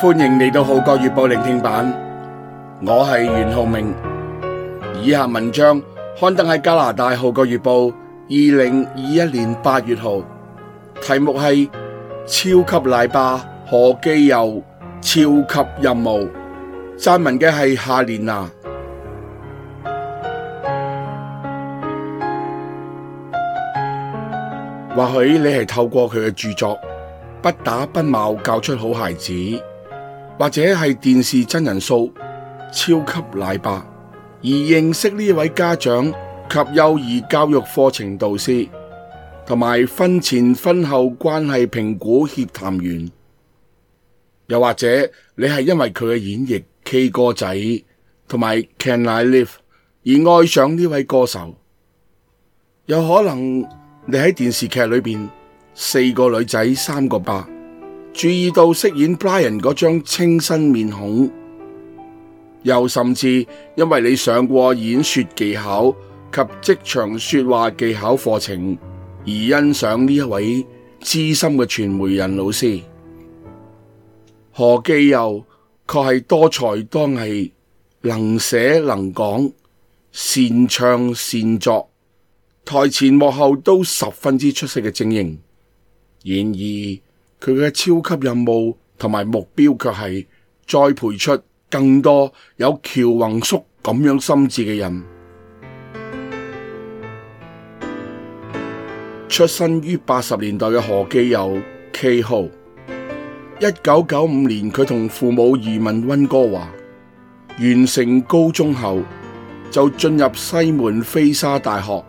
歡迎來到《號角月報》聆聽版，我是袁浩明。以下文章刊登喺加拿大《號角月報》二零二一年八月號，題目是《超級奶爸何基佑超級任務》，撰文嘅是夏蓮娜。或許你是透過佢嘅著作《不打不罵教出好孩子》。或者是電視真人騷《超級奶爸》，而認識呢位家長及幼兒教育課程導師，同埋婚前婚後關係評估協談員。又或者你是因為佢嘅演繹《K 歌仔》同埋《Can I Live》而愛上呢位歌手。又可能你喺電視劇裏面，四個女仔三個 BAR。注意到飾演 Brian 嗰張清新面孔，又甚至因為你上過演說技巧及職場說話技巧課程而欣賞呢一位資深嘅傳媒人老師。何基佑確係多才多藝，能寫能講，擅唱擅作，台前幕後都十分之出色嘅精英。然而，佢嘅超級任務同埋目標，卻係栽培出更多有喬宏叔這樣心志嘅人。出身於八十年代嘅何基佑 K Ho，一九九五年佢同父母移民溫哥華，完成高中後就進入西門菲沙大學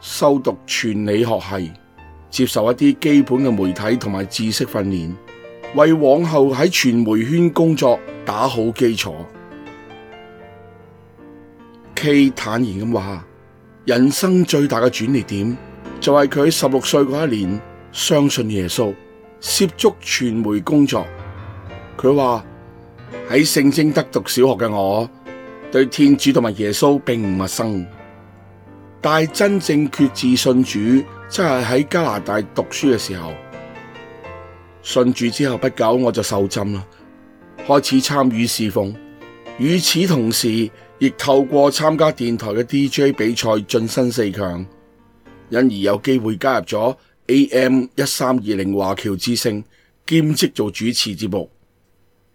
修讀傳理學系。接受一啲基本嘅媒體同埋知識訓練，為往後喺傳媒圈工作打好基礎。K 坦然咁話，人生最大嘅轉捩點就係佢十六歲嗰一年，相信耶穌，涉足傳媒工作。佢話喺聖貞德讀小學嘅我，對天主同埋耶穌並唔陌生，但真正決志信主。即係喺加拿大讀書嘅時候，信主之後不久我就受浸啦，開始參與侍奉。與此同時，亦透過參加電台嘅 DJ 比賽晉身四強，因而有機會加入咗 AM 一三二零華僑之星兼職做主持節目。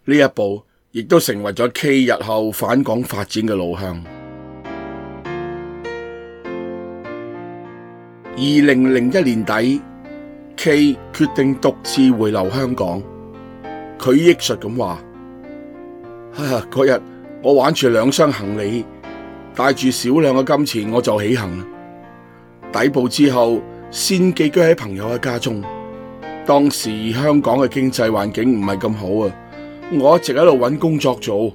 呢一步亦都成為咗 K 日後返港發展嘅路向。二零零一年底，K 決定獨自回流香港。佢憶述咁話：嗰日我揹住兩箱行李，帶住少量嘅金錢，我就起行啦。抵埗之後，先寄居喺朋友嘅家中。當時香港嘅經濟環境唔係咁好啊，我一直喺度揾工作做，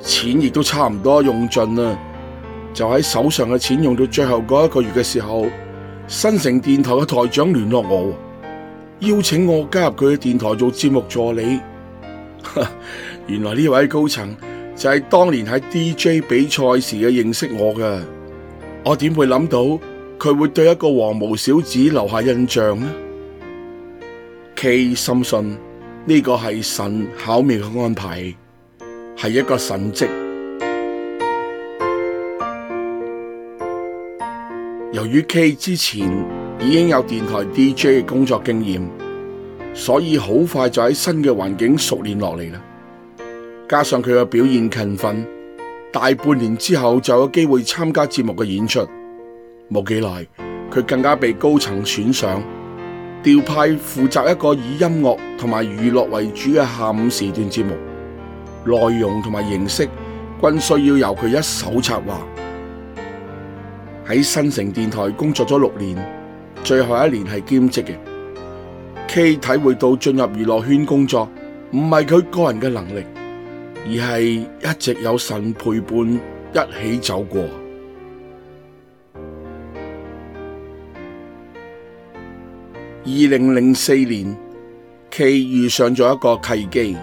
錢亦都差唔多用盡啦。就喺手上嘅錢用到最後嗰一個月嘅時候。新城電台嘅台長聯絡我，邀請我加入佢嘅電台做節目助理。 原來呢位高層就係當年喺 DJ 比賽時嘅認識我嘅。我點會諗到佢會對一個黃毛小子留下印象呢？佢深信呢、這個係神巧妙嘅安排，係一個神蹟。由於 K 之前已經有電台 DJ 嘅工作經驗，所以好快就喺新嘅環境熟練落嚟啦。加上佢嘅表現勤奮，大半年之後就有機會參加節目嘅演出。冇幾耐，佢更加被高層選上，調派負責一個以音樂同埋娛樂為主嘅下午時段節目，內容同埋形式均需要由佢一手策劃。喺新城電台工作咗六年，最後一年係兼職嘅。K 體會到進入娛樂圈工作，唔係佢個人嘅能力，而係一直有神陪伴，一起走過。二零零四年，K 遇上咗一個契機，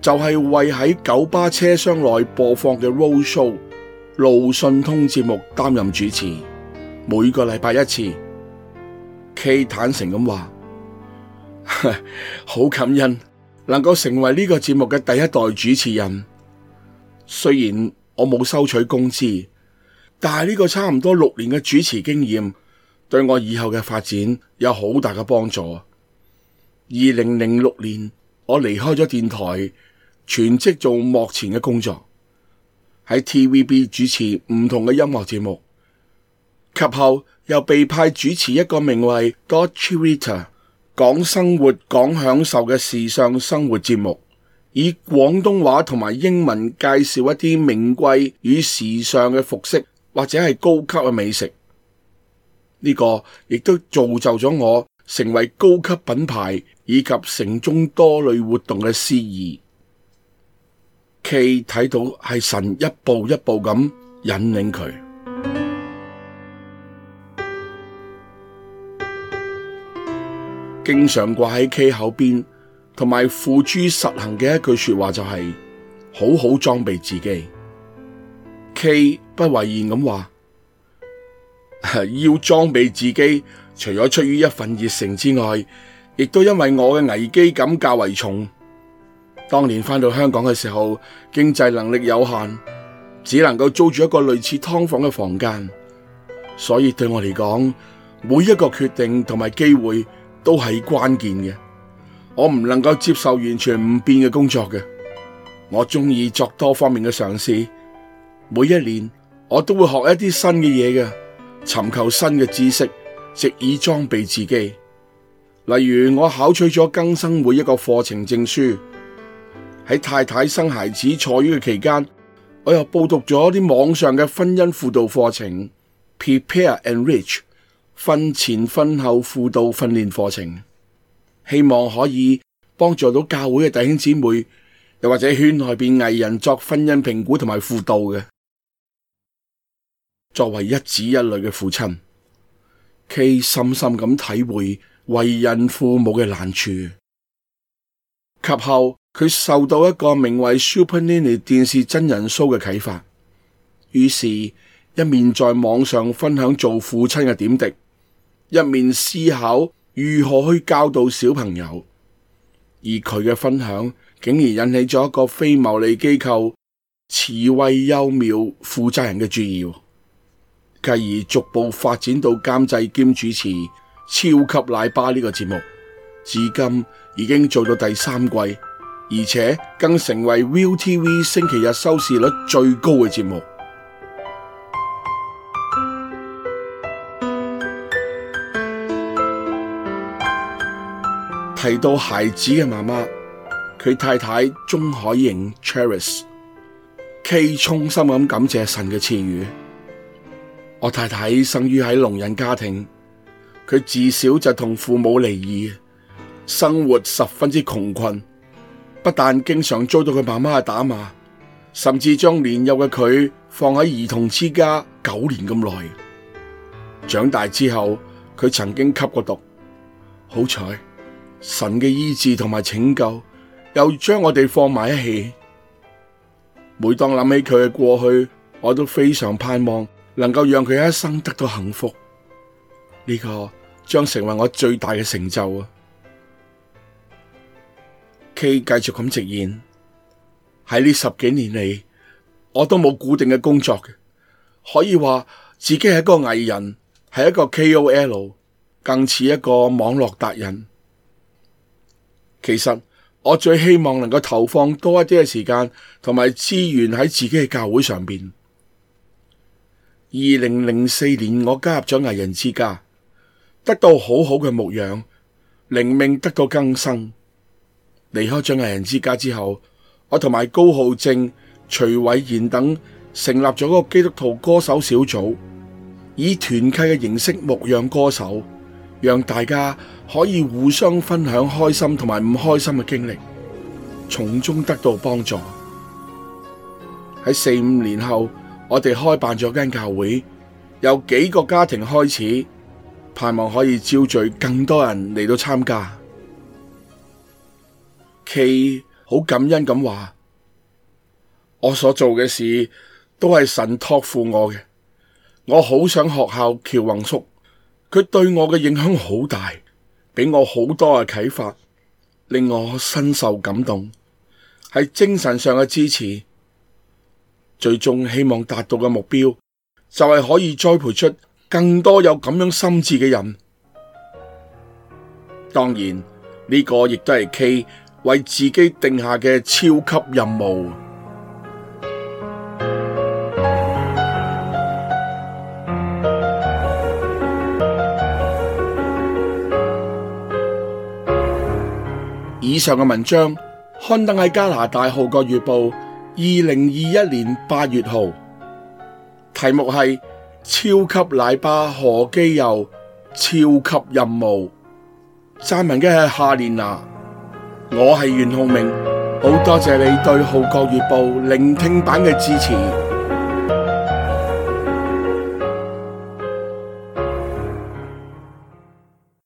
就係為喺九巴車廂內播放嘅 Road Show。路信通節目擔任主持，每個禮拜一次。佢坦誠咁話：好感恩能夠成為呢個節目嘅第一代主持人。雖然我冇收取工資，但係呢個差唔多六年嘅主持經驗，對我以後嘅發展有好大嘅幫助。二零零六年，我離開咗電台，全職做幕前嘅工作。喺 TVB 主持唔同嘅音樂節目，及後又被派主持一個名為《Dolce Vita》講生活、講享受嘅時尚生活節目，以廣東話同埋英文介紹一啲名貴與時尚嘅服飾或者係高級嘅美食。呢、這個亦都造就咗我成為高級品牌以及城中多類活動嘅司儀。K 睇到係神一步一步咁引領佢，經常掛喺 K 口邊，同埋付諸實行嘅一句說話就係好好裝備自己。K 不諱言咁話，要裝備自己，除咗出於一份熱誠之外，亦都因為我嘅危機感較為重。當年回到香港嘅時候，經濟能力有限，只能夠租住一個類似劏房嘅房間，所以對我嚟講，每一個決定同埋機會都係關鍵嘅。我唔能夠接受完全唔變嘅工作嘅，我鍾意作多方面嘅嘗試。每一年我都會學一啲新嘅嘢嘅，尋求新嘅知識，藉以裝備自己。例如，我考取咗更新每一個課程證書。喺太太生孩子坐月嘅期間，我又報讀咗啲網上嘅婚姻輔導課程，Prepare Enrich 婚前婚後輔導訓練課程，希望可以幫助到教會嘅弟兄姊妹，又或者圈外邊藝人作婚姻評估同埋輔導嘅。作為一子一女嘅父親，佢深深咁體會為人父母嘅難處，及後。佢受到一個名為《Super Nanny》電視真人 show 嘅啟發，於是一面在網上分享做父親嘅點滴，一面思考如何去教導小朋友。而佢嘅分享竟然引起咗一個非牟利機構慈慧幼苗負責人嘅注意，繼而逐步發展到監製兼主持《超級奶爸》呢、這個節目，至今已經做到第三季。而且更成為 ViuTV 星期日收視率最高嘅節目。提到孩子嘅媽媽，佢太太鍾海瑩 Cheris，佢衷心咁感謝神嘅賜予。我太太生於喺聾人家庭，佢自小就同父母離異，生活十分之窮困。不但經常遭到佢媽媽嘅打罵，甚至將年幼嘅佢放喺兒童之家九年咁耐。長大之後，佢曾經吸過毒，好彩神嘅醫治同埋拯救又將我哋放埋一起。每當想起佢嘅過去，我都非常盼望能夠讓佢一生得到幸福。呢、這個將成為我最大嘅成就啊！繼續咁直言，喺呢十幾年嚟，我都冇固定嘅工作，可以話自己係一個藝人，係一個 KOL，更似一個網絡達人。其實我最希望能夠投放多一啲嘅時間同埋資源喺自己嘅教會上邊。二零零四年，我加入咗藝人之家，得到好好嘅牧養，靈命得到更生。離開咗藝人之家之後，我同埋高浩正、徐偉賢等成立咗嗰個基督徒歌手小組，以團契嘅形式牧養歌手，讓大家可以互相分享開心同埋唔開心嘅經歷，從中得到幫助。喺四五年後，我哋開辦咗間教會，由幾個家庭開始，盼望可以招聚更多人嚟到參加。K 好感恩咁話，我所做嘅事都係神託付我嘅。我好想學校喬宏叔，佢對我嘅影響好大，俾我好多嘅啟發，令我深受感動，係精神上嘅支持。最終希望達到嘅目標，就係、是、可以栽培出更多有咁樣心志嘅人。當然呢、這個亦都係 K。為自己定下嘅超，超，超級任務。以上嘅文章刊登喺加拿大《號角月報》二零二一年八月號，題目係《超級奶爸何基佑超級任務》，撰文嘅係夏連拿。我係袁浩明，好多謝你對《號角月報》聆聽版嘅支持。